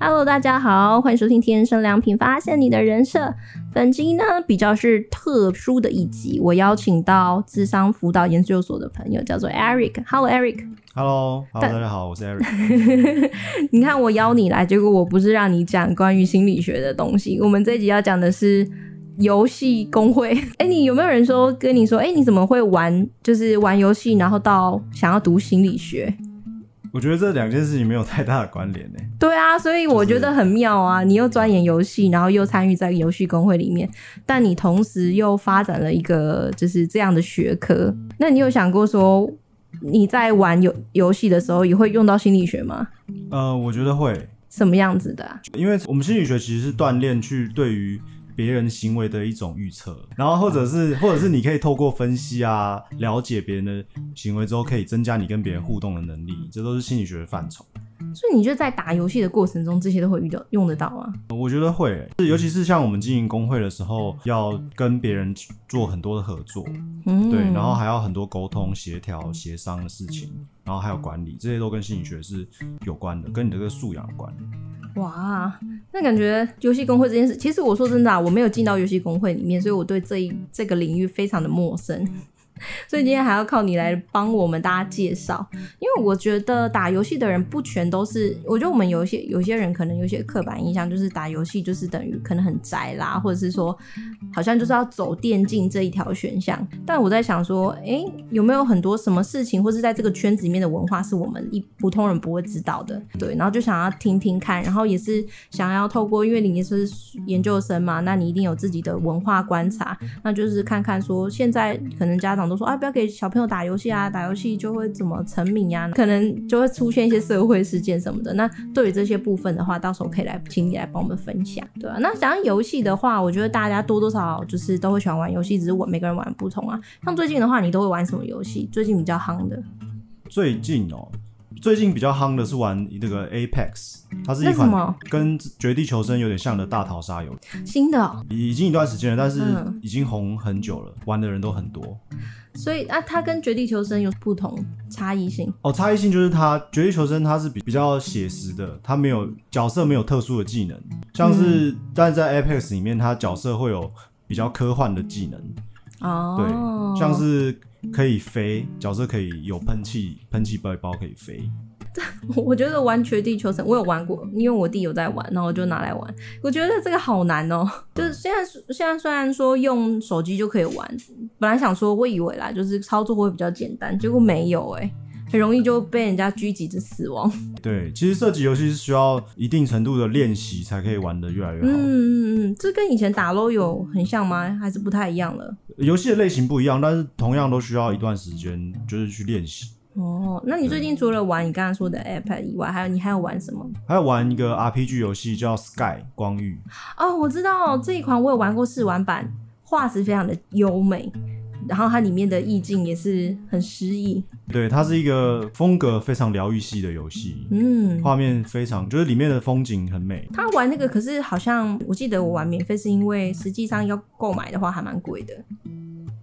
Hello，大家好，歡迎收聽《天生良品》，發現你的人設。本集呢比較是特殊的一集，我邀請到諮商輔導研究所的朋友，叫做 Eric, Hello, Eric. Hello,。Hello，Eric。Hello，Hello，大家好，我是 Eric。 你看我邀你來，結果我不是讓你講關於心理學的東西，我們這一集要講的是。遊戲公會，哎、欸，你有沒有人說跟你說，哎、欸，你怎麼會玩，就是玩遊戲，然後到想要讀心理學？我覺得這兩件事情沒有太大的關聯呢、欸。對啊，所以我覺得很妙啊，就是、你又鑽研遊戲，然後又參與在遊戲公會裡面，但你同時又發展了一個就是這樣的學科。那你有想過說你在玩遊遊戲的時候也會用到心理學嗎？呃，我覺得會。什麼樣子的、啊？因為我們心理學其實是鍛鍊去對於。別人行為的一種預測，然後或者是或者是你可以透過分析啊，了解別人的行為之後，可以增加你跟別人互動的能力，這都是心理學的範疇。所以你覺得在打遊戲的過程中，這些都會遇到用得到啊？我覺得會、欸，是尤其是像我們經營公會的時候，嗯、要跟別人做很多的合作、嗯，對，然後還要很多溝通、協調、協商的事情，然後還有管理，這些都跟心理學是有關的，跟你這個素養有關的。哇，那感覺遊戲公會這件事，其實我說真的啊，我沒有進到遊戲公會裡面，所以我對這一這個領域非常的陌生。所以今天還要靠你來幫我們大家介紹，因為我覺得打遊戲的人不全都是，我覺得我們有些有些人可能有些刻板印象，就是打遊戲就是等於可能很宅啦，或者是說好像就是要走電競這一條選項。但我在想說，哎、欸，有沒有很多什麼事情，或是在這個圈子裡面的文化，是我們一普通人不會知道的？對，然後就想要聽聽看，然後也是想要透過，因為你是研究生嘛，那你一定有自己的文化觀察，那就是看看說現在可能家長。都說啊，不要給小朋友打遊戲啊，打遊戲就會怎麼沉迷呀、啊？可能就會出現一些社會事件什麼的。那對於這些部分的話，到時候可以來請你來幫我們分享，對啊。那想要遊戲的話，我覺得大家多多少，少就是都會喜歡玩遊戲，只是我每個人玩不同啊。像最近的話，你都會玩什麼遊戲？最近比較夯的？最近哦、喔，最近比較夯的是玩那個 Apex，它是一款跟絕地求生有點像的大逃殺遊，戲。新的、喔，已經一段時間了，但是已經紅很久了，玩的人都很多。所以啊，它跟絕地求生有不同差異性哦。差異性就是它，絕地求生它是比比較寫實的，它沒有角色，沒有特殊的技能，像是、嗯、但在 Apex 裡面，它角色會有比較科幻的技能哦，對，像是可以飛，角色可以有噴氣噴氣背包可以飛。 我覺得玩絕地求生，我有玩過，因為我弟有在玩，然後就拿來玩。我覺得這個好難哦、喔，就是現在現在雖然說用手機就可以玩，本來想說我以為啦，就是操作會比較簡單，結果沒有哎、欸，很容易就被人家狙擊的死亡。對，其實射擊遊戲是需要一定程度的練習才可以玩得越來越好。嗯嗯嗯，這跟以前打 LOL 有很像嗎？還是不太一樣了？遊戲的類型不一樣，但是同樣都需要一段時間，就是去練習。哦，那你最近除了玩你剛剛說的 iPad 以外，還有你還有玩什麼？還有玩一個 RPG 遊戲叫 Sky 光遇。哦，我知道這一款，我有玩過試玩版，畫質非常的優美，然後它裡面的意境也是很詩意。對，它是一個風格非常療癒系的遊戲。嗯，畫面非常，就是裡面的風景很美。它玩那個可是好像，我記得我玩免費是因為實際上要購買的話還蠻貴的。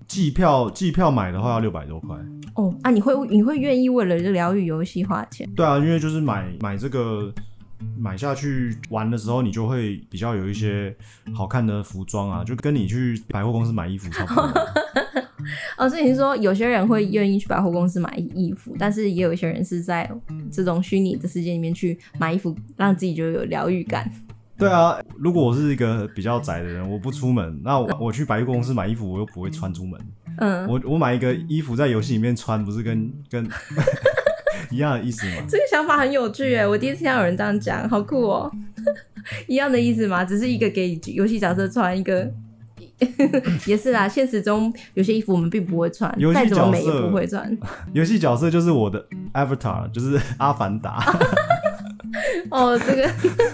季票，季票買的話要六百多塊哦。啊你，你會你會願意為了這療癒遊戲花錢？對啊，因為就是買買這個買下去玩的時候，你就會比較有一些好看的服裝啊，就跟你去百貨公司買衣服差不多。 哦，所以你說有些人會願意去百貨公司買衣服，但是也有一些人是在這種虛擬的世界裡面去買衣服，讓自己就有療癒感。對啊，如果我是一個比較宅的人，我不出門，那我，我去百貨公司買衣服，我又不會穿出門。嗯，我我買一個衣服在遊戲裡面穿，不是跟跟 一樣的意思嗎？這個想法很有趣誒，我第一次聽到有人這樣講，好酷哦！ 一樣的意思嗎？只是一個給遊戲角色穿一個， 也是啦。現實中有些衣服我們並不會穿，遊戲角色不會穿。遊戲角色就是我的 Avatar，就是阿凡達。 哦，這個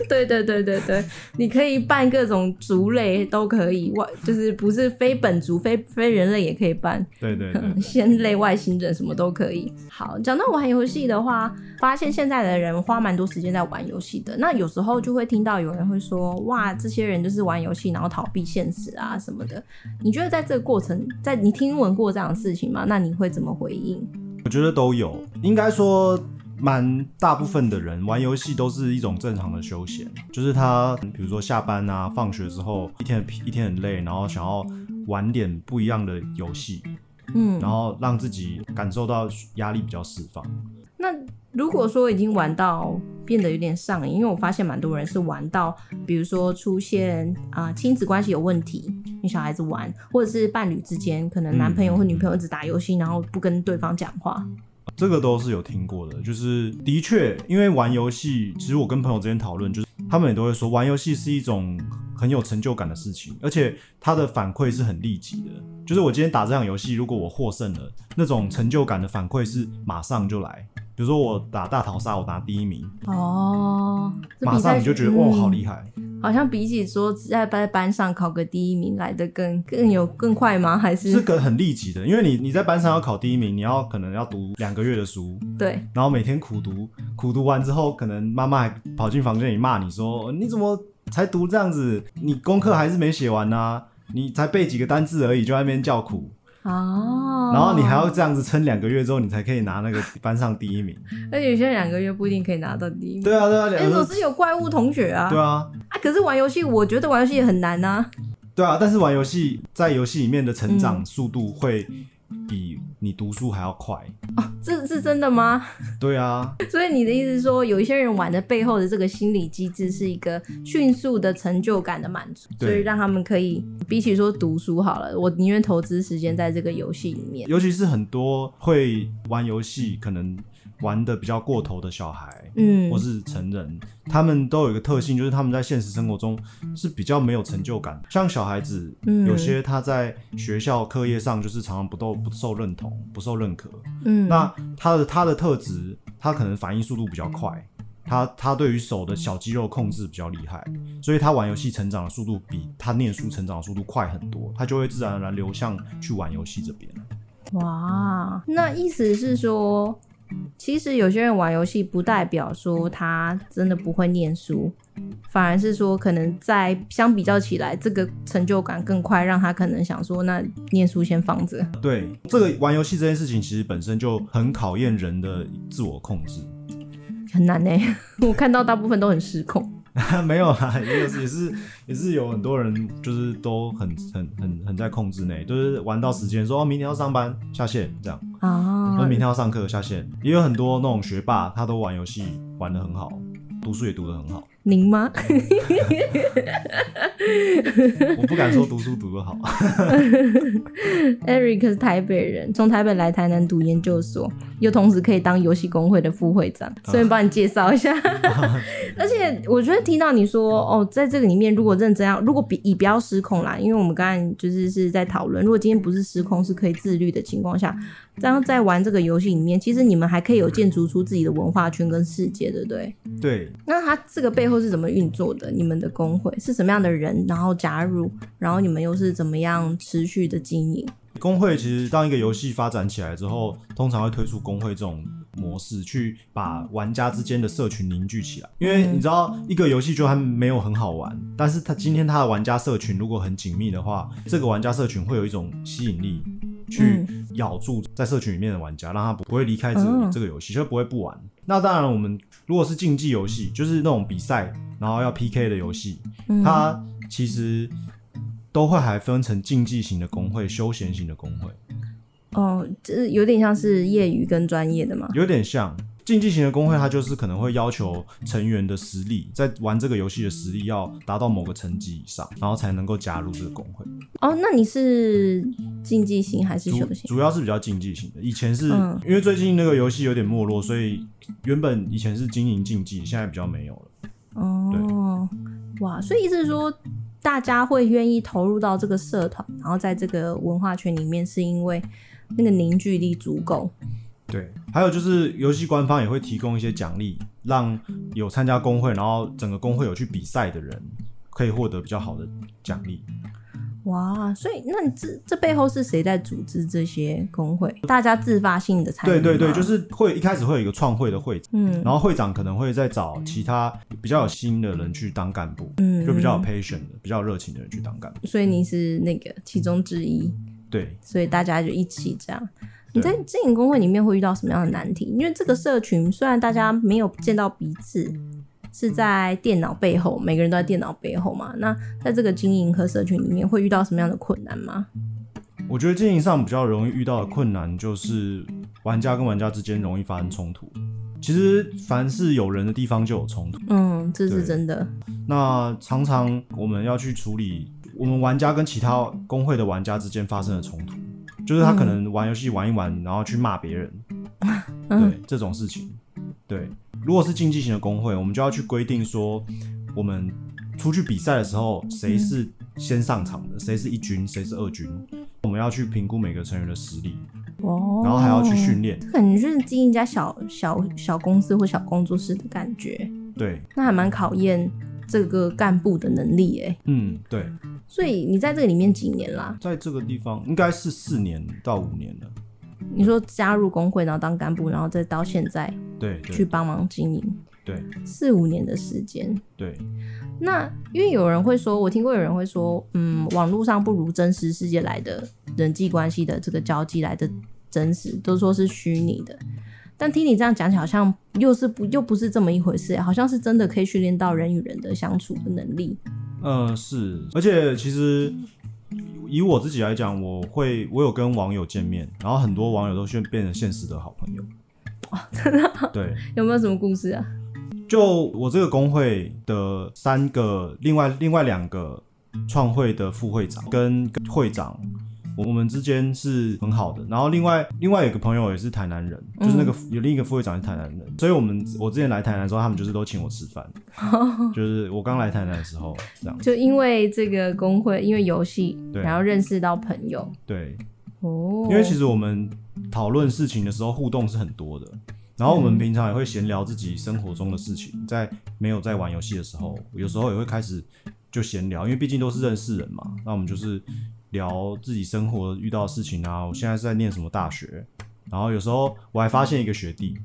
對對對對對，你可以扮各種族類都可以，外就是不是非本族非非人類也可以扮。對對、對，先類外星人什麼都可以。好，講到玩遊戲的話，發現現在的人花蠻多時間在玩遊戲的。那有時候就會聽到有人會說，哇，這些人就是玩遊戲然後逃避現實啊什麼的。你覺得在這個過程，在你聽聞過這樣的事情嗎？那你會怎麼回應？我覺得都有，應該說。蠻大部分的人玩遊戲都是一種正常的休閒，就是他比如說下班啊、放學之後，一天一天很累，然後想要玩點不一樣的遊戲，嗯，然後讓自己感受到壓力比較釋放。那如果說已經玩到變得有點上癮，因為我發現蠻多人是玩到，比如說出現啊親子關係有問題，你小孩子玩，或者是伴侶之間可能男朋友或女朋友一直打遊戲、嗯，然後不跟對方講話。這個都是有聽過的，就是的確，因為玩遊戲，其實我跟朋友之間討論，就是他們也都會說，玩遊戲是一種很有成就感的事情，而且它的反饋是很立即的。就是我今天打這場遊戲，如果我獲勝了，那種成就感的反饋是馬上就來。比如說我打大逃殺，我拿第一名哦，馬上你就覺得、嗯、哦，好厲害！好像比起說在在班上考個第一名來得更更有更快嗎？還是這個很立即的，因為你你在班上要考第一名，你要可能要讀兩個月的書，對，然後每天苦讀，苦讀完之後，可能媽媽還跑進房間裡罵你說：“你怎麼才讀這樣子？你功課還是沒寫完啊？你才背幾個單字而已，就在那邊叫苦。”哦，然後你還要這樣子撐兩個月之後，你才可以拿那個班上第一名。 而且現在兩個月不一定可以拿到第一名。對啊，對啊，總、欸、總是有怪物同學啊。對啊，啊，可是玩遊戲，我覺得玩遊戲也很難啊。對啊，但是玩遊戲在遊戲裡面的成長速度會比、嗯。你讀書還要快哦？啊？這是真的嗎？ 對啊，所以你的意思是說，有一些人玩的背後的這個心理機制是一個迅速的成就感的滿足。對，所以讓他們可以比起說讀書好了，我寧願投資時間在這個遊戲裡面。尤其是很多會玩遊戲，可能玩的比較過頭的小孩，嗯，或是成人。他們都有一個特性，就是他們在現實生活中是比較沒有成就感。像小孩子，嗯，有些他在學校課業上就是常常不都不受認同、不受認可。嗯，那他的他的特質，他可能反應速度比較快，他他對於手的小肌肉控制比較厲害，所以他玩遊戲成長的速度比他念書成長的速度快很多，他就會自然而然流向去玩遊戲這邊。哇，那意思是說？其實有些人玩遊戲不代表說他真的不會念書，反而是說可能在相比較起來，這個成就感更快讓他可能想說那念書先放着。對，這個玩遊戲這件事情其實本身就很考驗人的自我控制，很難呢、欸。我看到大部分都很失控。 沒有啦，也是也是也是有很多人就是都很很很，很在控制內，就是玩到時間，說明天要上班下線這樣啊。說、oh. 明天要上課下線，也有很多那種學霸，他都玩遊戲玩得很好，讀書也讀得很好。您嗎？ 我不敢說讀書讀得好。 Eric 是台北人，從台北來台南讀研究所。又同時可以當遊戲公會的副會長，順便幫你介紹一下。啊、 而且我覺得聽到你說哦，在這個裡面，如果認真要，如果比以不要失控啦，因為我們剛才就是是在討論，如果今天不是失控，是可以自律的情況下，這樣在玩這個遊戲裡面，其實你們還可以有建築出自己的文化圈跟世界，對不對？對。那它這個背後是怎麼運作的？你們的公會是什麼樣的人？然後加入，然後你們又是怎麼樣持續的經營？公會其實，當一個遊戲發展起來之後，通常會推出公會這種模式，去把玩家之間的社群凝聚起來。因為你知道，一個遊戲就還沒有很好玩，但是他今天他的玩家社群如果很緊密的話，這個玩家社群會有一種吸引力，去咬住在社群裡面的玩家，讓他不不會離開這這個遊戲，就不會不玩。那當然，我們如果是競技遊戲，就是那種比賽，然後要 PK 的遊戲，它其實，都會還分成競技型的工會、休閒型的工會。哦，這有點像是業餘跟專業的嘛。有點像競技型的工會，它就是可能會要求成員的實力，在玩這個遊戲的實力要達到某個層級以上，然後才能夠加入這個工會。哦，那你是競技型還是休閒型？主，主要是比較競技型的。以前是，嗯、因為最近那個遊戲有點沒落，所以原本以前是經營競技，現在比較沒有了。哦，對，哇，所以意思是說。大家會願意投入到這個社團，然後在這個文化圈裡面，是因為那個凝聚力足夠。對，還有就是遊戲官方也會提供一些獎勵，讓有參加公會，然後整個公會有去比賽的人可以獲得比較好的獎勵。哇，所以那你這這背後是誰在組織這些公會？大家自發性的參與？對對對，就是會一開始會有一個創會的會長，嗯，然後會長可能會再找其他比較有心的人去當幹部，嗯，就比較有 patient 的、比較熱情的人去當幹部。所以你是那個其中之一，嗯，對。所以大家就一起這樣。你在經營公會裡面會遇到什麼樣的難題？因為這個社群雖然大家沒有見到彼此。是在電腦背後，每個人都在電腦背後嘛？那在這個經營和社群裡面，會遇到什麼樣的困難嗎？我覺得經營上比較容易遇到的困難，就是玩家跟玩家之間容易發生衝突。其實，凡是有人的地方就有衝突，嗯，這是真的。那常常我們要去處理我們玩家跟其他公會的玩家之間發生的衝突，就是他可能玩遊戲玩一玩，然後去罵別人，嗯嗯、對，這種事情。對，如果是競技型的公會，我們就要去規定說，我們出去比賽的時候，誰是先上場的，誰、嗯、是一軍，誰是二軍，我們要去評估每個成員的實力，哦，然後還要去訓練，可能就是經營一家小小小公司或小工作室的感覺。對，那還蠻考驗這個幹部的能力誒。嗯，對。所以你在這個裡面幾年啦？在這個地方應該是四年到五年了。你說加入工會，然後當幹部，然後再到現在，對，去幫忙經營，對，四五年的時間，對。那因為有人會說，我聽過有人會說，嗯，網絡上不如真實世界來的人際關係的這個交際來的真實，都說是虛擬的。但聽你這樣講起好像又是不又不是這麼一回事、欸，好像是真的可以訓練到人與人的相處的能力。呃，是，而且其實。以我自己來講，我會我有跟網友見面，然後很多網友都現變成現實的好朋友。哦，真的，對，有沒有什麼故事啊？就我這個公會的三個另，另外另外兩個創會的副會長跟會長。我們之間是很好的，然後另外，另外有個朋友也是台南人，就是那個、嗯、有另一個副會長是台南人，所以我們我之前來台南的時候，他們就是都請我吃飯。哦，就是我剛來台南的時候這樣。就因為這個公會，因為遊戲，然後認識到朋友。對，對，哦，因為其實我們討論事情的時候互動是很多的，然後我們平常也會閒聊自己生活中的事情，在沒有在玩遊戲的時候，有時候也會開始就閒聊，因為畢竟都是認識人嘛，那我們就是。聊自己生活遇到的事情啊，我現在是在念什麼大學？然後有時候我還發現一個學弟，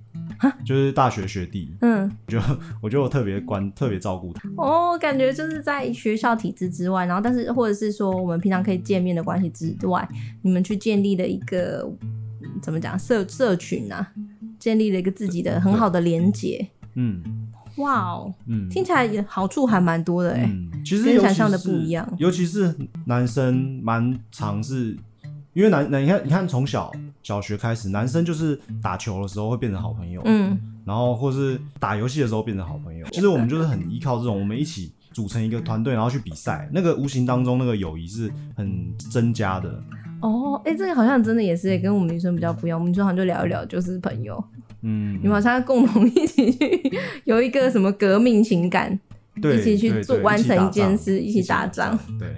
就是大學學弟，嗯，就我覺得我特別關、特別照顧他。哦，感覺就是在學校體制之外，然後但是或者是說我們平常可以見面的關係之外，你們去建立了一個怎麼講，社社群啊，建立了一個自己的很好的連結，嗯。哇哦，嗯，聽起來也好處還蠻多的哎、嗯，其實跟想像的不一樣。尤其是男生，蠻常是，因為男男，你看你看，從小小學開始，男生就是打球的時候會變成好朋友，嗯，然後或是打遊戲的時候變成好朋友。其實我們就是很依靠這種，我們一起組成一個團隊，然後去比賽， 那個無形當中那個友誼是很增加的。哦，哎、欸，這個好像真的也是跟我們女生比較不一樣，我們女生好像就聊一聊就是朋友。嗯，你們好像共同一起去有一個什麼革命情感，對，一起去做完成一件事，對對對，一，一起打仗，對，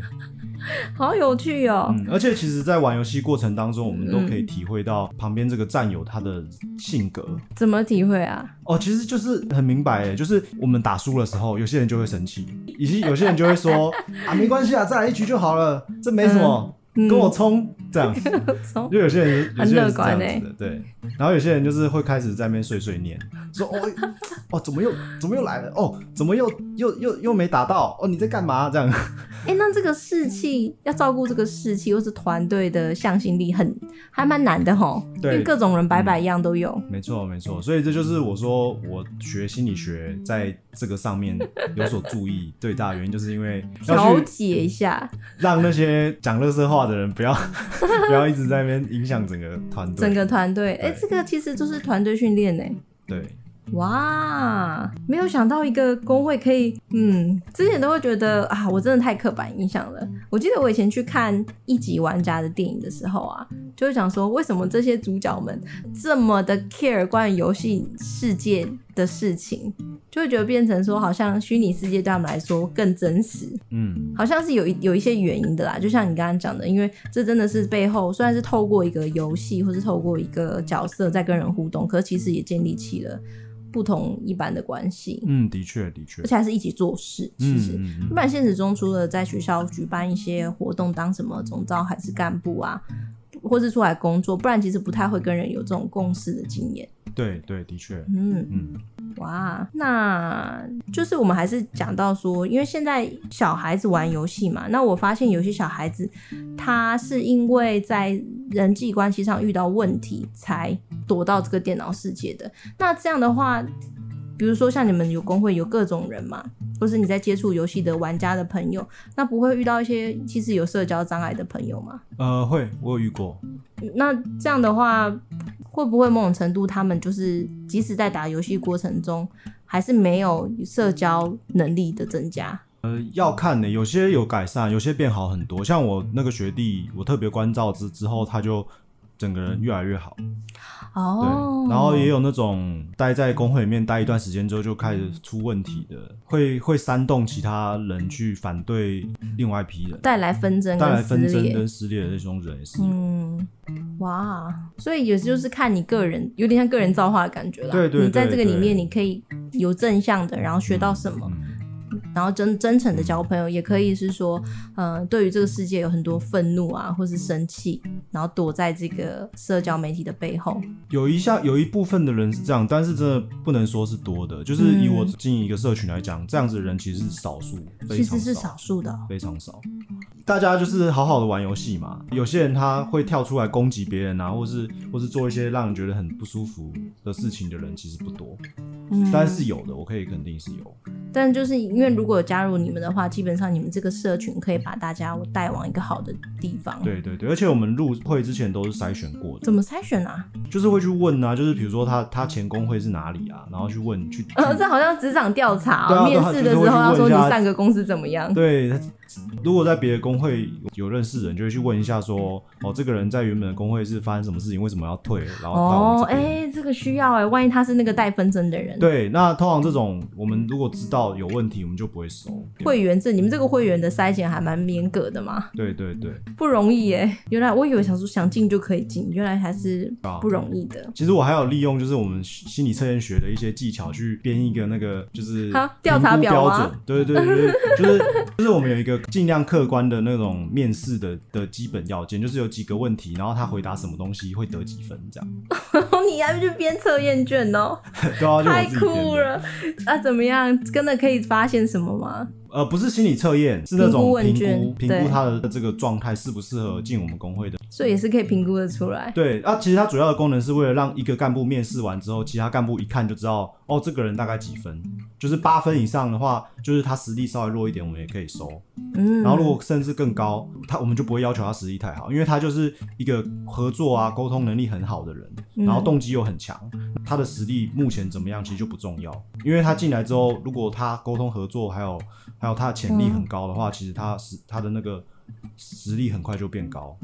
好有趣哦。嗯，而且其實，在玩遊戲過程當中，我們都可以體會到旁邊這個戰友他的性格。嗯，怎麼體會啊？哦，其實就是很明白誒，就是我們打輸的時候，有些人就會生氣，以及有些人就會說 啊，沒關係啊，再來一局就好了，這沒什麼。嗯跟我衝、嗯，這樣，因為有些人有些人是這樣子的、欸，對。然後有些人就是會開始在那邊碎碎念，說哦哦，怎麼又怎麼又來了？哦，怎麼又又又又沒打到？哦，你在幹嘛？這樣。哎、欸，那這個士氣要照顧這個士氣，或是團隊的向心力很，很還蠻難的吼。跟各種人百百一樣都有。沒、嗯、錯，沒錯。所以這就是我說我學心理學在這個上面有所注意最大的原因， 就是因為了解一下，讓那些講垃圾話的人不要 不要一直在那邊影響整個團隊，整個團隊。哎、欸，這個其實就是團隊訓練哎。對。哇，沒有想到一個公會可以，嗯，之前都會覺得啊，我真的太刻板印象了。我記得我以前去看一級玩家的電影的時候啊，就會想說，為什麼這些主角們這麼的 care 關於遊戲世界的事情，就會覺得變成說，好像虛擬世界對他們來說更真實。嗯，好像是有一有一些原因的啦。就像你剛剛講的，因為這真的是背後雖然是透過一個遊戲或是透過一個角色在跟人互動，可是其實也建立起了。不同一般的關係，嗯，的確的確，而且還是一起做事。嗯、其實、嗯嗯、不然，現實中除了在學校舉辦一些活動，當什麼總召還是幹部啊，或是出來工作，不然其實不太會跟人有這種共事的經驗。對對，的確，嗯嗯，哇，那就是我們還是講到說，因為現在小孩子玩遊戲嘛，那我發現有些小孩子他是因為在人際關係上遇到問題才。躲到這個電腦世界的，那這樣的話，比如說像你們有公會有各種人嘛，或是你在接觸遊戲的玩家的朋友，那不會遇到一些其實有社交障礙的朋友嗎？呃，會，我有遇過。那這樣的話，會不會某種程度他們就是即使在打遊戲過程中，還是沒有社交能力的增加？呃，要看的、欸，有些有改善，有些變好很多。像我那個學弟，我特別關照之之後，他就。整個人越來越好，哦，然後也有那種待在公會裡面待一段時間之後就開始出問題的，會會煽動其他人去反對另外一批人，帶來紛爭，帶來紛爭跟撕裂的那種人，嗯，哇，所以也是就是看你個人，有點像個人造化的感覺啦。對對對對，你在這個裡面你可以有正向的，然後學到什麼。嗯嗯然後真真誠的交朋友，也可以是說，嗯、呃，對於這個世界有很多憤怒啊，或是生氣，然後躲在這個社交媒體的背後。有一下有一部分的人是這樣，但是真的不能說是多的。就是以我經營一個社群來講，這樣子的人其實是少數少，其實是少數的，哦，非常少。大家就是好好的玩遊戲嘛。有些人他會跳出來攻擊別人啊，或是或是做一些讓人覺得很不舒服的事情的人，其實不多。嗯，但是有的，我可以肯定是有。但就是因為如果加入你們的話，基本上你們這個社群可以把大家帶往一個好的地方。對對對，而且我們入會之前都是篩選過的。怎麼篩選啊？就是會去問啊，就是比如說他他前工會是哪裡啊，然後去問去。呃、哦，這好像職場調查，喔啊，面試的時候要，啊啊就是，說你上個公司怎麼樣。對，如果在別的工會有認識人，就會去問一下說，哦，這個人在原本的工會是發生什麼事情，為什麼要退？然後哦，哎，欸，這個需要哎，欸，萬一他是那個帶紛爭的人。對，那通常這種我們如果知道。有問題我們就不會收會員證。你們這個會員的篩選還蠻嚴格的嘛？對對對，不容易哎、欸。原來我以為想說想進就可以進，原來還是不容易的、啊嗯。其實我還有利用就是我們心理測驗學的一些技巧去編一個那個就是調查表啊，對對對，就是 就是我們有一個盡量客觀的那種面試的的基本要件，就是有幾個問題，然後他回答什麼東西會得幾分這樣。 你還要去編測驗卷哦、喔 啊，太酷了啊！怎麼樣跟？那可以發現什麼嗎？呃，不是心理測驗，是那種評估評估他的這個狀態適不適合進我們工會的，所以也是可以評估的出來。對啊，其實它主要的功能是為了讓一個幹部面試完之後，其他幹部一看就知道，哦，這個人大概幾分，嗯、就是八分以上的話，就是他實力稍微弱一點，我們也可以收。嗯，然後如果甚至更高，他我們就不會要求他實力太好，因為他就是一個合作啊、溝通能力很好的人，嗯、然後動機又很強，他的實力目前怎麼樣其實就不重要，因為他進來之後，如果他溝通合作還有。還有他的潛力很高的話，嗯，其實他是他的那個，實力很快就變高，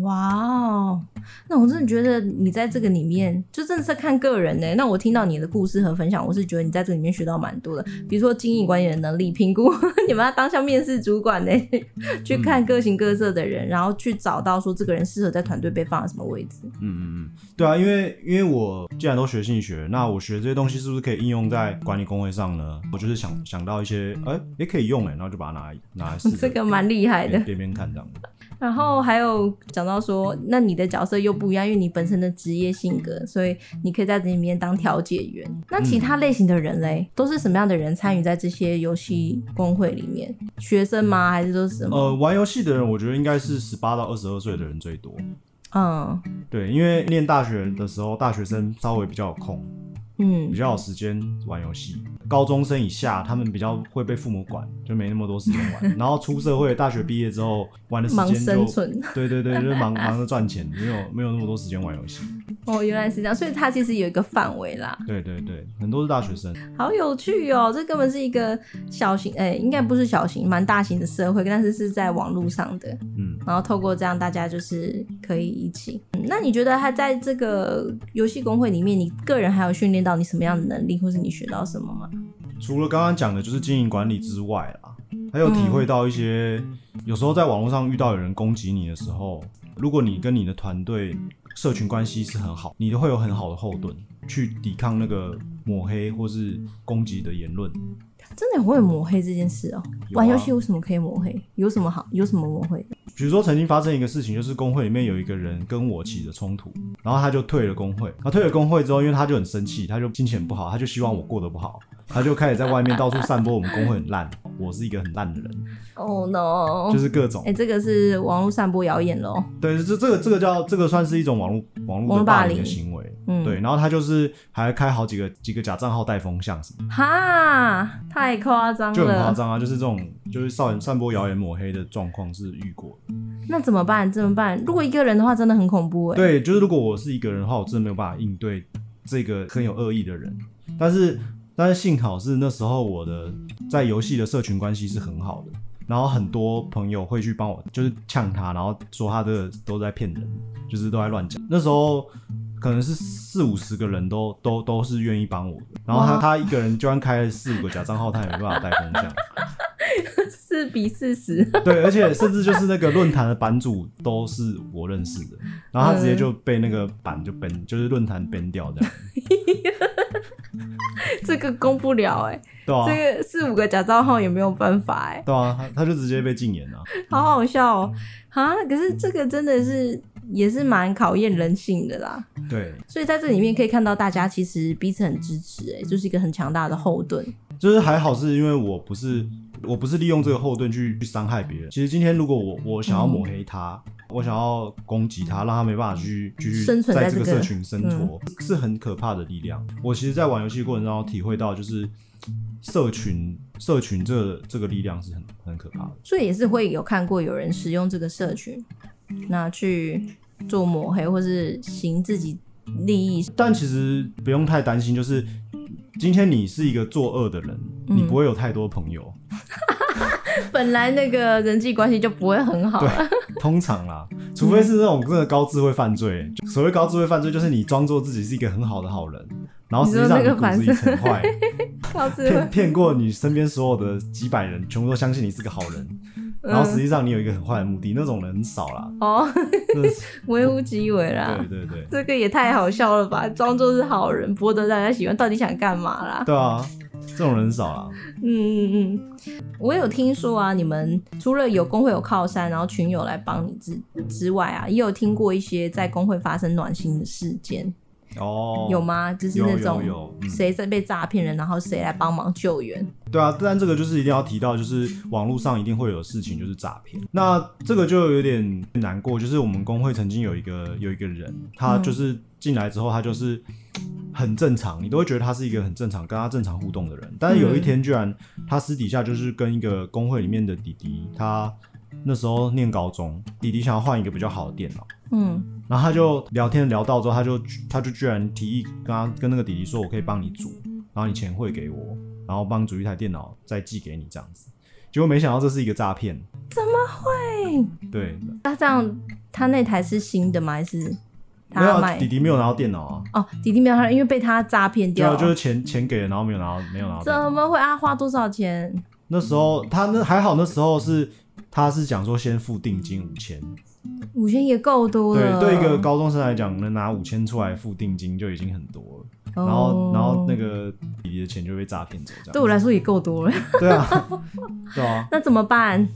哇哦！那我真的覺得你在這個裡面就真的是看個人呢、欸。那我聽到你的故事和分享，我是覺得你在這裡面學到蠻多的，比如說經營管理的能力，評估 你們要當下面試主管呢、欸，去看各形各色的人、嗯，然後去找到說這個人適合在團隊被放在什麼位置。嗯嗯嗯，對啊，因為因為我既然都學心理學，那我學這些東西是不是可以應用在管理公會上呢？我就是想想到一些，哎、欸，也可以用哎、欸，然後就把它拿來拿來試，這個蠻厲害的。欸邊邊看這樣子，然後還有講到說，那你的角色又不一樣，因為你本身的職業性格，所以你可以在這裡面當調解員。那其他類型的人嘞、嗯，都是什麼樣的人參與在這些遊戲公會裡面？學生嗎？嗯、還是都是什麼？呃，玩遊戲的人，我覺得應該是十八到二十二歲的人最多。嗯，對，因為念大學的時候，大學生稍微比較有空。嗯，比較有時間玩遊戲。高中生以下，他們比較會被父母管，就沒那麼多時間玩。 然後出社會，大學畢業之後，玩的時間就忙生存，對對對，就是、忙 忙着賺錢，沒有沒有那麼多時間玩遊戲。哦，原來是這樣，所以他其實有一個範圍啦。對對對，很多是大學生。好有趣哦、喔，這根本是一個小型哎、欸，應該不是小型，蠻大型的社會，但是是在網絡上的。嗯。嗯然後透過這樣，大家就是可以一起。嗯、那你覺得他在這個遊戲公會裡面，你個人還有訓練到你什麼樣的能力，或是你學到什麼嗎？除了剛剛講的，就是經營管理之外啦，還有體會到一些，嗯、有時候在網絡上遇到有人攻擊你的時候，如果你跟你的團隊社群關係是很好，你都會有很好的後盾去抵抗那個抹黑或是攻擊的言論。嗯、真的很會抹黑這件事哦、喔？啊、玩遊戲有什麼可以抹黑？有什麼好？有什麼抹黑的？比如說，曾經發生一個事情，就是工會裡面有一個人跟我起了衝突，然後他就退了工會。他退了工會之後，因為他就很生氣，他就心情不好，他就希望我過得不好。他就開始在外面到處散播我們公會很爛， 我是一個很爛的人。哦、oh、no，就是各種哎、欸，這個是網絡散播謠言嘍。對，這這個這個叫這個算是一種網絡網絡的霸凌的行為。嗯，對。然後他就是還開好幾個幾個假賬號帶風向什麼。哈，太誇張了。就很誇張啊！就是這種就是散散播謠言抹黑的狀況是遇過的。那怎麼辦？怎麼辦？如果一個人的話，真的很恐怖、欸。對，就是如果我是一個人的話，我真的沒有辦法應對這個很有惡意的人。但是。但是幸好是那時候我的在遊戲的社群關係是很好的，然後很多朋友會去幫我，就是嗆他，然後說他的都在騙人，就是都在亂講。那時候可能是四五十個人都都都是願意幫我的，然後他他一個人居然開了四五個假賬號，他也沒辦法帶分這樣。四 比四十。對，而且甚至就是那個論壇的版主都是我認識的，然後他直接就被那個版就 ban，就是論壇 ban 掉這樣。 這個攻不了哎、欸啊，這個四五個假賬號也沒有辦法哎、欸，對啊，他就直接被禁言了， 好好笑哦、喔、啊！可是這個真的是也是蠻考驗人性的啦，對，所以在這裡面可以看到大家其實彼此很支持哎、欸，就是一個很強大的後盾，就是還好是因為我不是。我不是利用這個後盾，去去傷害別人。其實今天如果我我想要抹黑他，嗯、我想要攻擊他，讓他沒辦法去繼續在這個社群生存，這個嗯，是很可怕的力量。我其實，在玩遊戲過程中體會到，就是社群社群這個、這個力量是很很可怕的。所以也是會有看過有人使用這個社群，那去做抹黑或是行自己利益，嗯，但其實不用太擔心，就是。今天你是一個作惡的人，你不會有太多朋友。嗯、 本來那個人際關係就不會很好。對，通常啦，除非是那種真的高智慧犯罪。嗯、所謂高智慧犯罪，就是你裝作自己是一個很好的好人，然後實際上你骨子裡很壞，騙騙 過你身邊所有的幾百人，全部都相信你是個好人。然後實際上你有一個很壞的目的，嗯、那種人很少啦。哦， 微乎其微啦、嗯。對對對，這個也太好笑了吧？裝作是好人博得大家喜歡，到底想幹嘛啦？對啊，這種人很少啦。嗯 嗯嗯，我有聽說啊，你們除了有公會有靠山，然後群友來幫你之、嗯、之外啊，也有聽過一些在公會發生暖心的事件。哦、oh，有嗎？就是那種誰在被詐騙人有有有、嗯，然後誰來幫忙救援？對啊，但這個就是一定要提到，就是網絡上一定會有事情，就是詐騙。那這個就有點難過，就是我們公會曾經有一個有一個人，他就是進來之後，他就是很正常，你都會覺得他是一個很正常，跟他正常互動的人。但是有一天，居然他私底下就是跟一個公會裡面的弟弟他。那時候念高中，弟弟想要換一個比較好的電腦，嗯，然後他就聊天聊到之後，他就他就居然提議跟他，剛剛跟那個弟弟說，我可以幫你組，然後你錢匯給我，然後幫組一台電腦再寄給你這樣子。結果沒想到這是一個詐騙。怎麼會？對。那這樣，他那台是新的嗎？還是他還買？沒有，弟弟沒有拿到電腦啊。哦，弟弟沒有拿到，因為被他詐騙掉。對啊，就是錢錢給了，然後沒有拿到，沒有拿到。怎麼會啊？花多少錢？那時候他那還好，那時候是他是講說先付定金五千，嗯，五千也夠多了。對對，一個高中生來講，能拿五千出來付定金就已經很多了。哦、然後然後那個弟弟的錢就被詐騙走，這樣對我來說也夠多了。對啊， 對啊，那怎麼辦？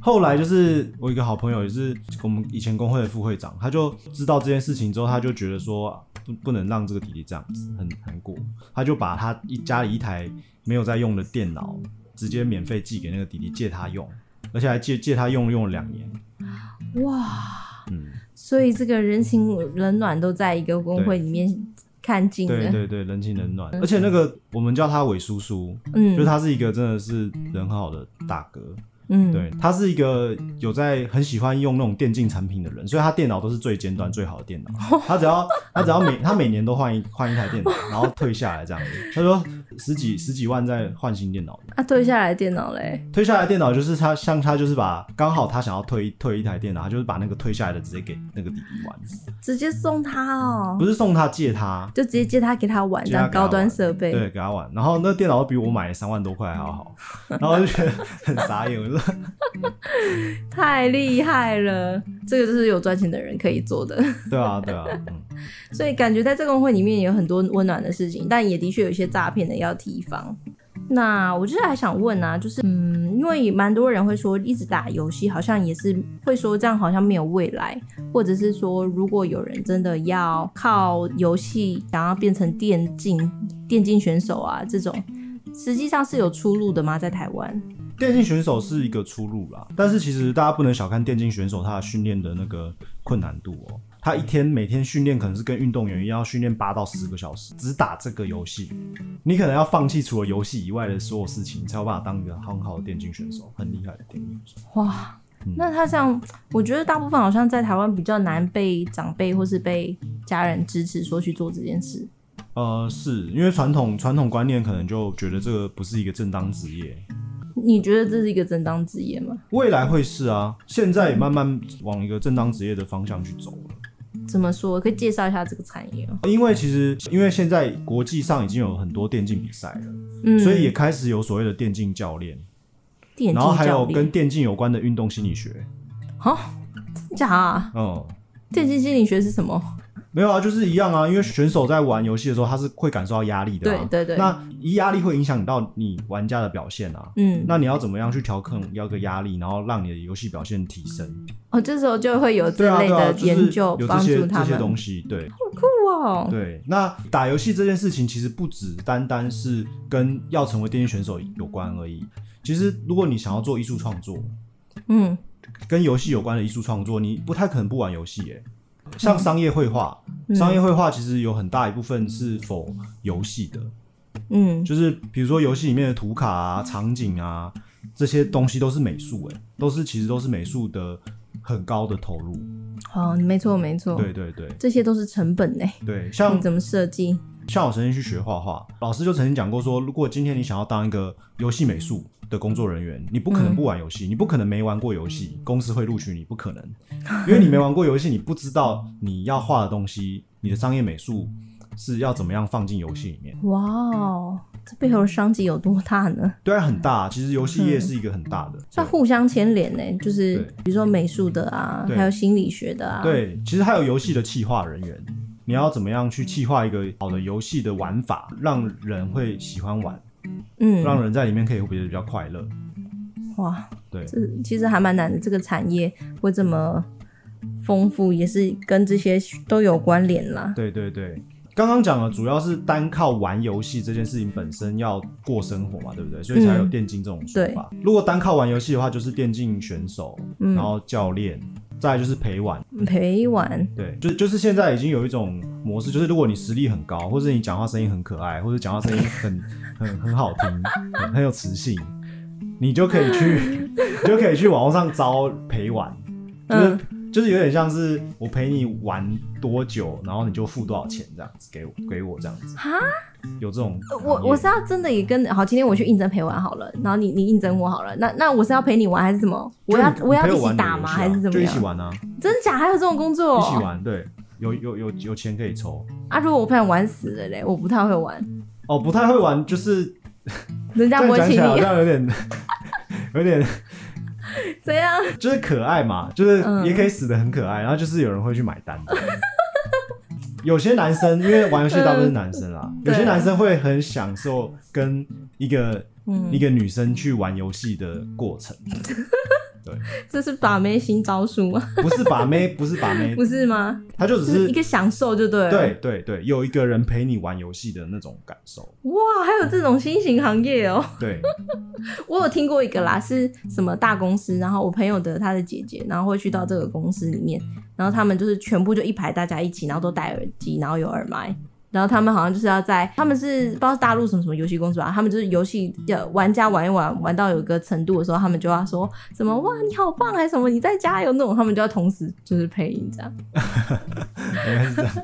後來就是我一個好朋友，就是，也是我們以前公會的副會長，他就知道這件事情之後，他就覺得說不能讓這個弟弟這樣子很難過，他就把他一家裡一台沒有在用的電腦。直接免費寄給那個弟弟借他用，而且還借借他用用了兩年，哇，嗯，所以這個人情冷暖都在一個公會裡面看盡了，對對對，人情冷暖，而且那個我們叫他韋叔叔，嗯，就是他是一個真的是人很好的大哥。嗯，對，他是一個有在很喜歡用那種電競產品的人，所以他電腦都是最尖端最好的電腦。他只要他只要每他每年都換一換一台電腦，然後退下來這樣子。他說十幾十幾萬在換新電腦。啊，退下來的電腦嘞？退下來的電腦就是他，像他就是把剛好他想要退退一台電腦，他就是把那個退下來的直接給那個弟弟玩，直接送他哦，不是送他借他，借他，就直接借他給他玩上高端設備，對，給他玩。然後那個電腦比我買了三萬多塊還要好，然後我就覺得很傻眼，我就。 太厲害了，這個就是有賺錢的人可以做的。對啊，對啊，所以感覺在這個公會裡面也有很多溫暖的事情，但也的確有一些詐騙的要提防。那我就是還想問啊，就是嗯，因為也蠻多人會說一直打遊戲，好像也是會說這樣好像沒有未來，或者是說如果有人真的要靠遊戲想要變成電競電競選手啊，這種實際上是有出路的嗎？在台灣？電競選手是一個出路啦，但是其實大家不能小看電競選手他的訓練的那個困難度哦、喔。他一天每天訓練可能是跟運動員一樣要訓練八到十個小時，只打這個遊戲，你可能要放棄除了遊戲以外的所有事情，才有辦法當一個很好的電競選手，很厲害的電競選手。哇，那他像、嗯、我覺得大部分好像在台灣比較難被長輩或是被家人支持說去做這件事。呃，是因為傳統傳統觀念可能就覺得這個不是一個正當職業。你覺得這是一個正當職業嗎？未來會是啊，現在也慢慢往一個正當職業的方向去走了。嗯、怎麼說？我可以介紹一下這個產業。因為其實，因為現在國際上已經有很多電競比賽了、嗯，所以也開始有所謂的電競教練，然後還有跟電競有關的運動心理學。好、哦、真假、啊？嗯，電競心理學是什麼？沒有啊，就是一樣啊，因為選手在玩遊戲的時候，他是會感受到壓力的。啊，對對對對。那壓力會影響到你玩家的表現啊。嗯。那你要怎麼樣去調控要個壓力，然後讓你的遊戲表現提升？哦，這時候就會有這類的研究幫、啊啊就是、助他們。這些東西，對。好酷啊、哦！對，那打遊戲這件事情其實不只單單是跟要成為電競選手有關而已。其實，如果你想要做藝術創作，嗯，跟遊戲有關的藝術創作，你不太可能不玩遊戲耶。像商業繪畫，商業繪畫其實有很大一部分是 for 遊戲的，嗯，就是比如說遊戲裡面的圖卡啊、場景啊這些東西都是美術哎、欸，都是其實都是美術的很高的投入。哦，沒錯沒錯，對對對，這些都是成本哎、欸。對，像怎麼設計？像我曾經去學畫畫，老師就曾經講過說，如果今天你想要當一個遊戲美術。的工作人員，你不可能不玩遊戲、嗯，你不可能沒玩過遊戲、嗯，公司會錄取你不可能，因為你沒玩過遊戲，你不知道你要畫的東西，你的商業美術是要怎麼樣放進遊戲裡面。哇，嗯、這背後的商機有多大呢？對啊，很大。其實遊戲業是一個很大的，嗯、算互相牽連呢、欸。就是比如說美術的啊，還有心理學的啊，對，其實還有遊戲的企劃人員，你要怎麼樣去企劃一個好的遊戲的玩法，讓人會喜歡玩。嗯，讓人在裡面可以活得比較快樂。哇，對，這其實還蠻難的，這個產業會這麼豐富，也是跟這些都有關聯啦。對對對，剛剛講的主要是單靠玩遊戲這件事情本身要過生活嘛，對不對？所以才有電競這種說法、嗯對。如果單靠玩遊戲的話，就是電競選手、嗯，然後教練，再來就是陪玩，陪玩。對，就是就是現在已經有一種模式，就是如果你實力很高，或者是你講話聲音很可愛，或者講話聲音很。 很很好聽，很有磁性，你就可以去， 就可以去網絡上招陪玩，就是、嗯、就是有點像是我陪你玩多久，然後你就付多少錢這樣子給我，給給我這樣子哈，有這種？我我是要真的也跟好，今天我去應徵陪玩好了，然後你你應徵我好了，那那我是要陪你玩還是什麼？我要我，、啊、我要一起打嗎？還是怎麼樣？就一起玩啊？真假？還有這種工作、哦？一起玩對，有有有有錢可以抽啊？如果我陪你玩死了嘞，我不太會玩。哦，不太會玩，就是。人家摸起來，這樣好像有點，啊、 有點。怎樣？就是可愛嘛，就是也可以死得很可愛、嗯，然後就是有人會去買單的、嗯。有些男生因為玩遊戲大部分是男生啦、嗯，有些男生會很享受跟一個、嗯、一個女生去玩遊戲的過程。嗯對，這是把妹新招數嗎？不是把妹，不是把妹， 不是嗎？他就只是，是一個享受就對了。對對對，有一個人陪你玩遊戲的那種感受。哇，還有這種新型行業哦、喔。對、嗯， 我有聽過一個啦，是什麼大公司？然後我朋友的他的姐姐，然後會去到這個公司裡面，嗯、然後他們就是全部就一排，大家一起，然後都戴耳機，然後有耳麥。然後他們好像就是要在，他們是不知道大陸什麼什麼遊戲公司吧？他們就是遊戲玩家玩一玩，玩到有一個程度的時候，他們就要說什麼，哇你好棒，還是什麼你在加油那種，他們就要同時就是配音這， 這樣。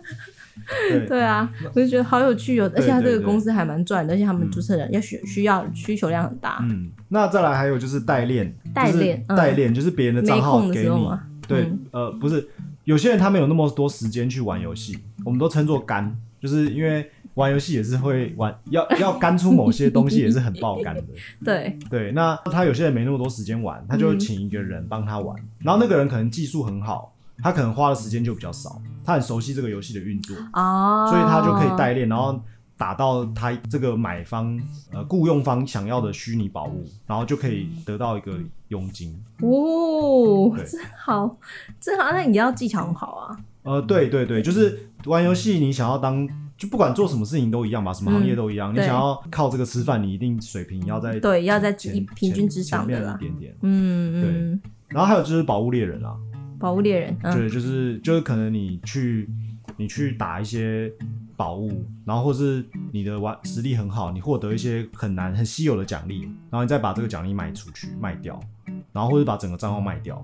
對， 對啊對對對對，我就覺得好有趣哦，而且他這個公司還蠻賺的，而且他們主持人要需需要需求量很大。嗯，那再來還有就是代練，代練代練就是別、嗯、就是、人的賬號給你、嗯。對，呃，不是有些人他們有那麼多時間去玩遊戲，我們都稱作肝。就是因為玩遊戲也是會玩，要要肝出某些東西也是很爆肝的。 對對，那他有些人沒那麼多時間玩，他就請一個人幫他玩、嗯。然後那個人可能技術很好，他可能花的時間就比較少，他很熟悉這個遊戲的運作哦、啊，所以他就可以代練，然後打到他這個買方呃雇傭方想要的虛擬寶物，然後就可以得到一個佣金。哦，真好，這好像也要技巧很好啊。呃，對對對，就是。玩遊戲，你想要當就不管做什麼事情都一樣吧，什麼行業都一樣。嗯、你想要靠這個吃飯，你一定水平要在對，要在平平均之上面一點點。嗯嗯。對，然後還有就是寶物獵人啊，寶物獵人、嗯，對，就是就是可能你去你去打一些寶物，然後或是你的玩實力很好，你獲得一些很難很稀有的獎勵，然後你再把這個獎勵賣出去賣掉，然後或者把整個賬號賣掉，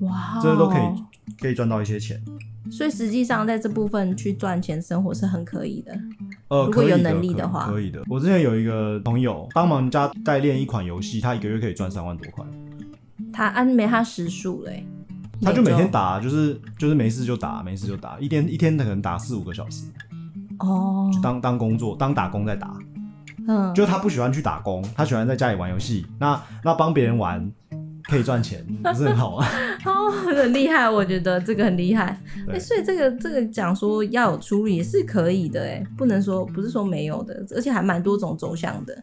哇，這些、個、都可以可以賺到一些錢。所以實際上，在這部分去賺錢生活是很可以的，呃，如果有能力的話，可以的。可以，可以的。我之前有一個朋友幫忙家代練一款遊戲，他一個月可以賺三萬多塊。他按沒他時數嘞，他就每天打，就是就是沒事就打，沒事就打，一天一天他可能打四五個小時。哦，就當當工作，當打工在打。嗯，就是他不喜歡去打工，他喜歡在家裡玩遊戲，那那幫別人玩。可以賺錢，不 是很好啊？哦、oh,，很厲害，我覺得這個很厲害。哎、 欸，所以這個這個講說要有出路也是可以的、欸，哎，不能說不是說沒有的，而且還蠻多種走向的。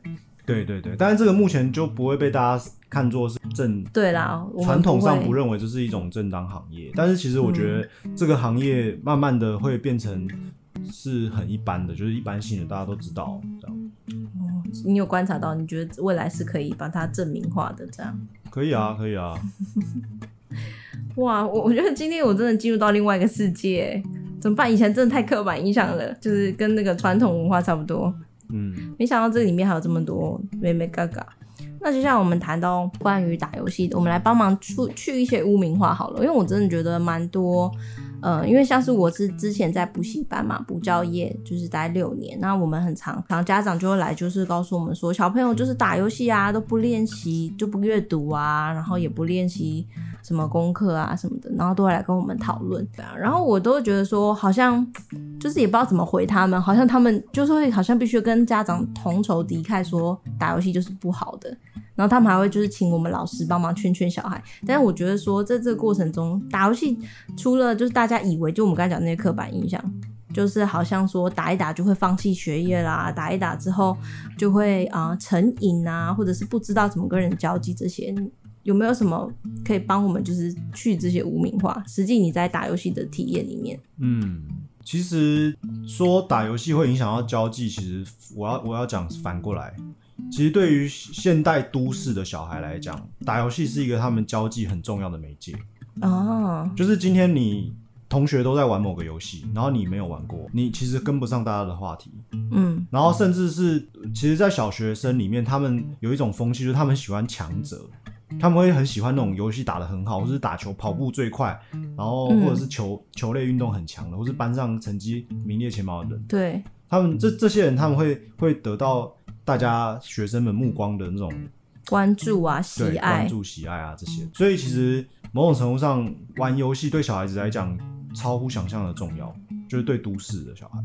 對對對，但是這個目前就不會被大家看作是正。對啦，傳統上不認為這是一種正當行業，但是其實我覺得這個行業慢慢的會變成是很一般的，就是一般性的，大家都知道這樣。哦，你有觀察到？你覺得未來是可以把它正名化的這樣？可以啊，可以啊。 哇，我我覺得今天我真的進入到另外一個世界，怎麼辦？以前真的太刻板印象了，就是跟那個傳統文化差不多。嗯，沒想到這裡面還有這麼多眉眉角角。那就像我們談到關於打遊戲的，我們來幫忙出去，去一些污名化好了，因為我真的覺得蠻多。呃、嗯，因為像是我是之前在補習班嘛，補教業就是待六年，那我們很常常家長就會來，就是告訴我們說，小朋友就是打遊戲啊，都不練習，就不閱讀啊，然後也不練習。什麼功課啊什麼的，然後都會來跟我們討論，然後我都會覺得說，好像就是也不知道怎麼回他們，好像他們就是會好像必須跟家長同仇敵愾，說打遊戲就是不好的，然後他們還會就是請我們老師幫忙勸勸小孩，但是我覺得說在這個過程中，打遊戲除了就是大家以為就我們剛才講那些刻板印象，就是好像說打一打就會放棄學業啦，打一打之後就會啊、呃、成癮啊，或者是不知道怎麼跟人交際這些。有沒有什麼可以幫我們，就是去這些污名化？實際你在打遊戲的體驗裡面，嗯，其實說打遊戲會影響到交際，其實我要我要講反過來，其實對於現代都市的小孩來講，打遊戲是一個他們交際很重要的媒介哦、啊，就是今天你同學都在玩某個遊戲，然後你沒有玩過，你其實跟不上大家的話題，嗯，然後甚至是其實，在小學生裡面，他們有一種風氣，就是他們喜歡強者。他們會很喜歡那種遊戲打得很好，或是打球、跑步最快，然後或者是球、嗯、球類運動很強的，或是班上成績名列前茅的人。對，他們這這些人他們會會得到大家學生們目光的那種關注啊、喜愛、關注喜愛啊這些。所以其實某種程度上，玩遊戲對小孩子來講超乎想象的重要，就是對都市的小孩。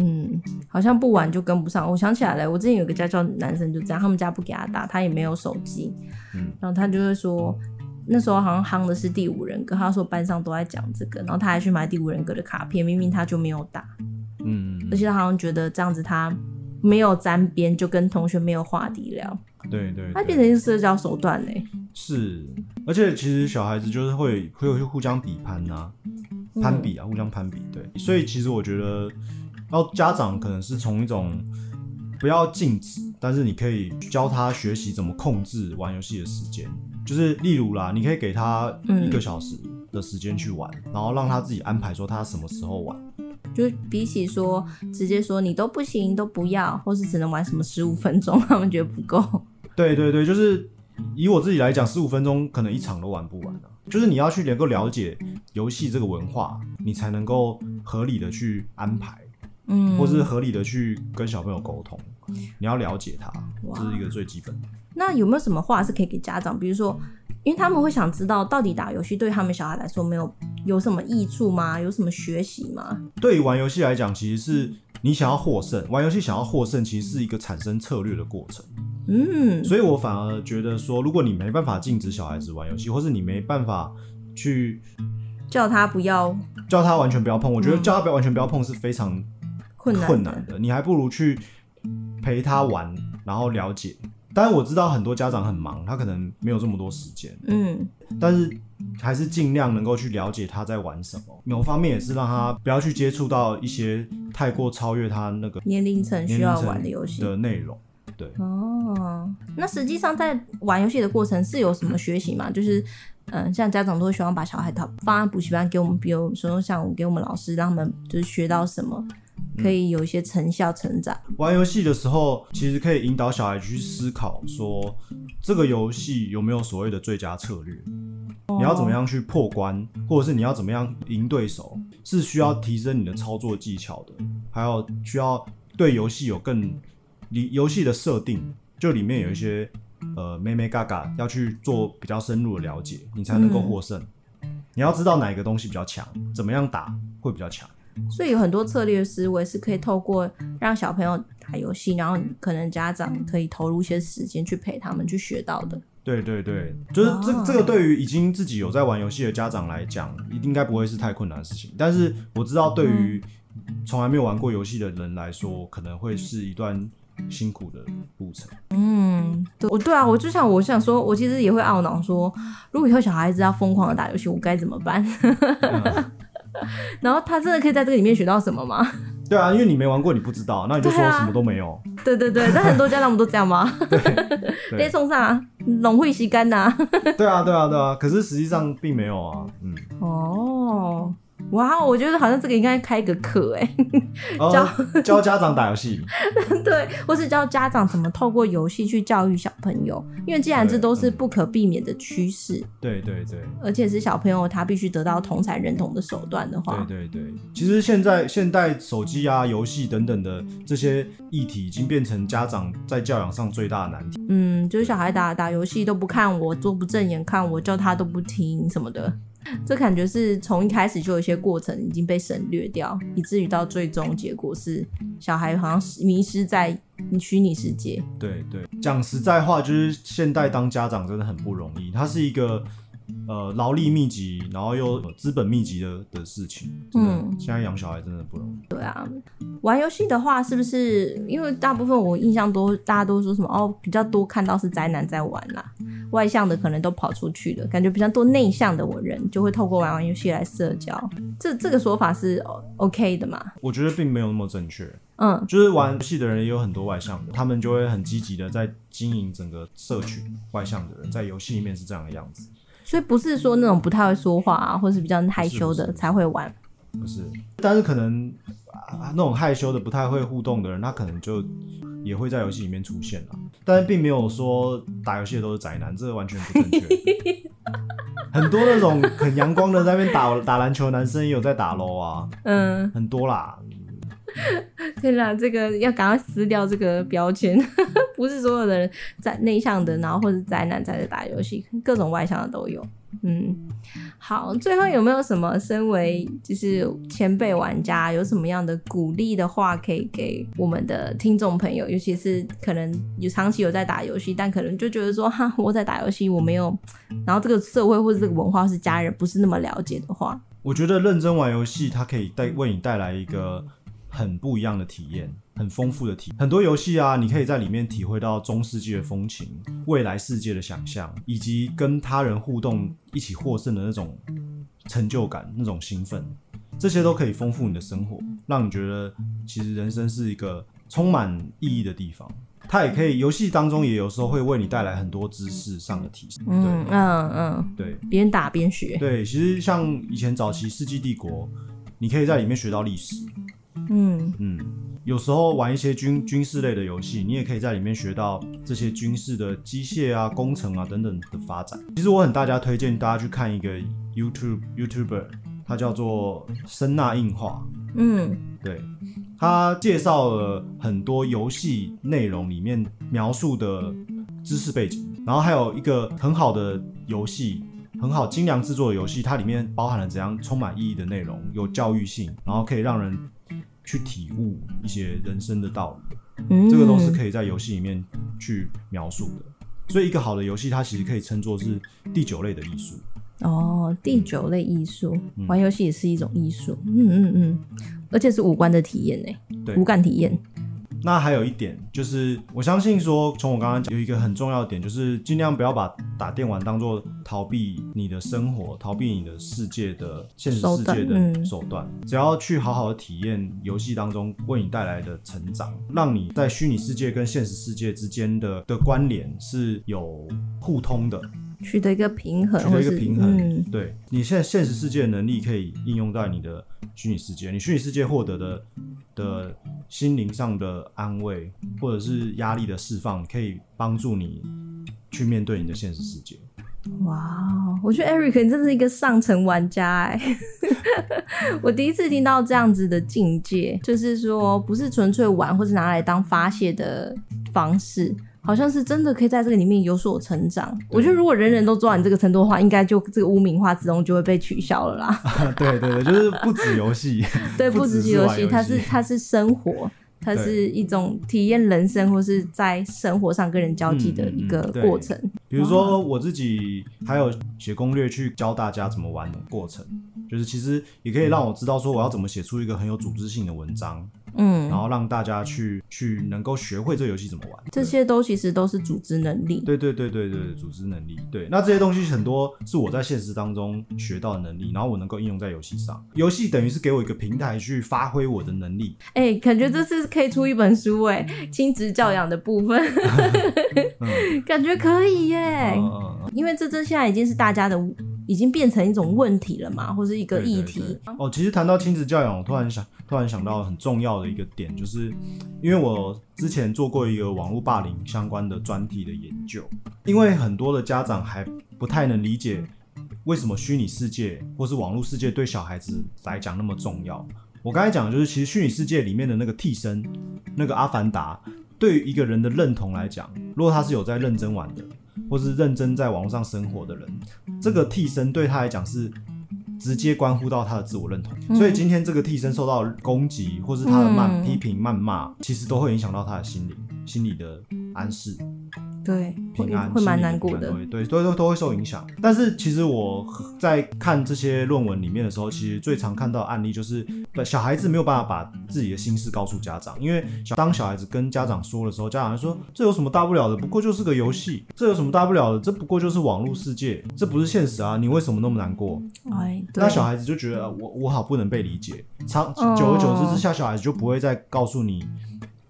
嗯，好像不玩就跟不上。我想起來了，我之前有個家教男生就這樣，他們家不給他打，他也沒有手機。嗯，然後他就會說，哦、那時候好像夯的是第五人格，他說班上都在講這個，然後他還去買第五人格的卡片，明明他就沒有打。嗯，而且他好像覺得這樣子他沒有沾邊，就跟同學沒有話題聊。對對，對，他變成一個社交手段呢。是，而且其實小孩子就是會會有互相比攀吶、啊，攀比啊、嗯，互相攀比。對，所以其實我覺得。然後家長可能是從一種不要禁止，但是你可以教他學習怎麼控制玩遊戲的時間，就是例如啦，你可以給他一個小時的時間去玩，嗯、然後讓他自己安排說他什麼時候玩。就比起說直接說你都不行，都不要，或是只能玩什麼十五分鐘，他們覺得不夠。對對對，就是以我自己來講，十五分鐘可能一場都玩不完。就是你要去能夠了解遊戲這個文化，你才能夠合理的去安排。嗯，或是合理的去跟小朋友溝通，你要了解他，這是一個最基本的。那有沒有什麼話是可以給家長？比如說，因為他們會想知道，到底打遊戲對他們小孩來說沒有有什麼益處嗎？有什麼學習嗎？對於玩遊戲來講，其實是你想要獲勝，玩遊戲想要獲勝，其實是一個產生策略的過程。嗯，所以我反而覺得說，如果你沒辦法禁止小孩子玩遊戲，或是你沒辦法去叫他不要，叫他完全不要碰，嗯，我覺得叫他不要完全不要碰是非常。困難，困難的，你還不如去陪他玩，然後了解。但是我知道很多家長很忙，他可能沒有這麼多時間。嗯，但是還是盡量能夠去了解他在玩什麼。某方面也是讓他不要去接觸到一些太過超越他那個年齡層需要玩的遊戲的內容。對，哦，那實際上在玩遊戲的過程是有什麼學習嗎？就是嗯，像家長都會希望把小孩他放在補習班給我們，比如說像給我們老師，讓他們就是學到什麼。可以有一些成效成長、嗯。玩遊戲的時候，其實可以引導小孩去思考說：說這個遊戲有沒有所謂的最佳策略，哦，你要怎麼樣去破關，或者是你要怎麼樣贏對手，是需要提升你的操作技巧的，還有需要對遊戲有更裡遊戲的設定，就裡面有一些呃，眉眉角角要去做比較深入的了解，你才能夠獲勝，嗯。你要知道哪一個東西比較強，怎麼樣打會比較強。所以有很多策略的思維是可以透過讓小朋友打遊戲，然後可能家長可以投入一些時間去陪他們去學到的。對對對，就是這這個對於已經自己有在玩遊戲的家長來講，應該不會是太困難的事情。但是我知道，對於從來沒有玩過遊戲的人來說，可能會是一段辛苦的路程。嗯，我對啊，我就想，我想說，我其實也會懊惱說，如果以後小孩子要瘋狂的打遊戲，我該怎麼辦？ 嗯然後他真的可以在這個裡面學到什麼嗎？對啊，因為你沒玩過，你不知道，那你就說什麼都沒有。對、啊、對，對對，那很多家長們都這樣嗎？ 對，得送啥，總會吸干啊。 對啊對啊對啊，可是實際上並沒有啊，嗯。哦、oh。哇，我覺得好像這個應該開個課哎、欸呃，教教家長打遊戲， 對，或是教家長怎麼透過遊戲去教育小朋友，因為既然這都是不可避免的趨勢、嗯，對對對，而且是小朋友他必須得到同儕認同的手段的話，對對對。其實現在現代手機啊、遊戲等等的這些議題，已經變成家長在教養上最大的難題。嗯，就是小孩打打遊戲都不看我，坐不正眼看我，叫他都不聽什麼的。這感覺是從一開始就有一些過程已經被省略掉，以至於到最終結果是小孩好像迷失在虛擬世界。對對，講實在話，就是現代當家長真的很不容易，他是一個。呃，勞力密集，然後又資本密集的的事情。嗯，現在養小孩真的不容易。對啊，玩遊戲的話，是不是因為大部分我印象都大家都說什麼哦，比較多看到是宅男在玩啦，外向的可能都跑出去了，感覺比較多內向的。我人就會透過玩玩遊戲來社交，這這個說法是 OK 的嘛？我覺得並沒有那麼正確。嗯，就是玩遊戲的人也有很多外向的，他們就會很積極的在經營整個社群。外向的人在遊戲裡面是這樣的樣子。所以不是說那種不太會說話，啊、或是比較害羞的才會玩，是不是？不是。但是可能啊、呃，那種害羞的、不太會互動的人，他可能就也會在遊戲裡面出現了。但是並沒有說打遊戲的都是宅男，這個、完全不正確。 很多那種很陽光的，在那邊打打籃球的男生也有在打 LOL 啊。嗯，嗯，很多啦。天哪、啊，這個要趕快撕掉這個標籤！ 不是所有的人在內向的，然後或者宅男才在打遊戲，各種外向的都有。嗯，好，最後有沒有什麼？身為就是前輩玩家，有什麼樣的鼓勵的話，可以給我們的聽眾朋友，尤其是可能有長期有在打遊戲，但可能就覺得說哈，我在打遊戲，我沒有，然後這個社會或者這個文化或是家人不是那麼了解的話，我覺得認真玩遊戲，它可以帶為你帶來一個。很不一樣的體驗，很豐富的體驗。很多遊戲啊，你可以在裡面體會到中世紀的風情、未來世界的想象，以及跟他人互動一起獲勝的那種成就感、那種興奮，這些都可以豐富你的生活，讓你覺得其實人生是一個充滿意義的地方。它也可以，遊戲當中也有時候會為你帶來很多知識上的提升。嗯嗯嗯，對，呃、呃、邊打邊學。對，其實像以前早期《世紀帝國》，你可以在裡面學到歷史。嗯嗯嗯，有時候玩一些軍軍事類的遊戲，你也可以在裡面學到這些軍事的機械啊、工程啊等等的發展。其實我很大家推薦大家去看一個 YouTube YouTuber，他叫做聲納硬化。嗯，對，他介紹了很多遊戲內容裡面描述的知識背景，然後還有一個很好的遊戲，很好精良製作的遊戲，它裡面包含了怎樣充滿意義的內容，有教育性，然後可以讓人。去體悟一些人生的道理，嗯嗯、這個都是可以在遊戲裡面去描述的。所以一個好的遊戲，它其實可以稱作是第九類的藝術。哦，第九類藝術、嗯，玩遊戲也是一種藝術、嗯。嗯嗯嗯，而且是五官的體驗，對，五感體驗。那還有一點就是，我相信說，從我剛剛講有一個很重要的點，就是盡量不要把打電玩當做逃避你的生活、逃避你的世界的現實世界的手段。只要去好好的體驗遊戲當中為你帶來的成長，讓你在虛擬世界跟現實世界之間的的關聯是有互通的。取得一個平衡或者是，取得一個平衡。嗯、對你現在現實世界的能力，可以應用在你的虛擬世界。你虛擬世界獲得的的心靈上的安慰，或者是壓力的釋放，可以幫助你去面對你的現實世界。哇，我覺得 Eric 可能真的是一個上層玩家哎、欸， 我第一次聽到這樣子的境界，就是說不是純粹玩，或是拿來當發洩的方式。好像是真的可以在這個裡面有所成長。我覺得如果人人都做到你這個程度的話，應該就這個汙名化之中就會被取消了啦。 對，對對，就是不止遊戲， 對不止遊戲，它是它是生活，它是一種體驗人生或是在生活上跟人交際的一個過程。比如說我自己還有寫攻略去教大家怎麼玩的過程，就是其實也可以讓我知道說我要怎麼寫出一個很有組織性的文章。嗯，然後讓大家去去能夠學會這遊戲怎麼玩，這些都其實都是組織能力。對對對對對，組織能力。對，那這些東西很多是我在現實當中學到的能力，然後我能夠應用在遊戲上。遊戲等於是給我一個平台去發揮我的能力。哎、欸，感覺這是可以出一本書哎，親、嗯、職教養的部分， 感覺可以耶。嗯嗯嗯、因為這真現在已經是大家的。已經變成一種問題了嘛，或是一個議題。對對對哦，其實談到親子教養，我突然想，突然想到很重要的一個點，就是因為我之前做過一個網絡霸凌相關的專題的研究，因為很多的家長還不太能理解為什麼虛擬世界或是網絡世界對小孩子來講那麼重要。我剛才講的就是，其實虛擬世界裡面的那個替身，那個阿凡達，對於一個人的認同來講，如果他是有在認真玩的。或是認真在網絡上生活的人，這個替身對他來講是直接關乎到他的自我認同，嗯、所以今天這個替身受到攻擊，或是他的慢批評、謾罵、嗯，其實都會影響到他的心理、心理的安適。對，會會平，會蠻難過的，對，對對都都會受影響。但是其實我在看這些論文裡面的時候，其實最常看到案例就是對，小孩子沒有辦法把自己的心事告訴家長，因為小當小孩子跟家長說的時候，家長就說，這有什麼大不了的，不過就是個遊戲，這有什麼大不了的，這不過就是網絡世界，這不是現實啊，你為什麼那麼難過？哎、對，那小孩子就覺得我我好不能被理解，長久而久之之下，哦，小孩子就不會再告訴你，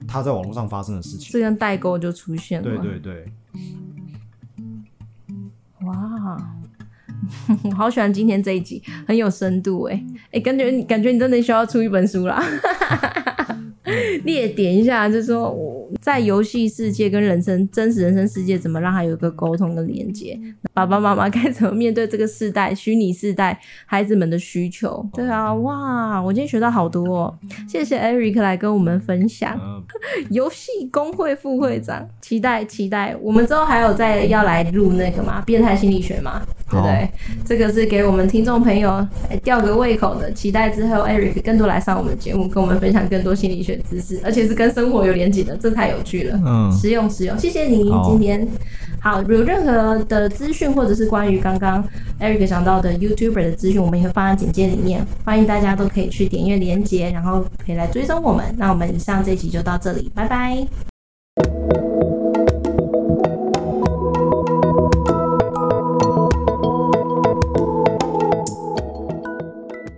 他在網絡上發生的事情，這樣代溝就出現了。對對對，哇、wow,，我好喜歡今天這一集，很有深度誒。誒、欸，感覺感覺你真的需要出一本書啦。 你也點一下，就說我。在遊戲世界跟人生真實人生世界怎麼讓他有一個溝通的連接？爸爸媽媽該怎麼面對這個世代虛擬世代孩子們的需求？對啊，哇，我今天學到好多喔，哦。謝謝 Eric 來跟我們分享遊戲 公會副會長，期待期待，我們之後還有再要來錄那個嗎？變態心理學嗎？對不對？這個是給我們聽眾朋友吊個胃口的，期待之後 Eric 更多來上我們的節目，跟我們分享更多心理學知識，而且是跟生活有連結的真。太有趣了，嗯，實用實用，謝謝你今天。好，如有任何的資訊或者是關於剛剛 Eric 講到的 YouTuber 的資訊，我們也會放在簡介裡面，歡迎大家都可以去點閱鏈接，然後可以來追蹤我們。那我們以上這一集就到這裡，拜拜。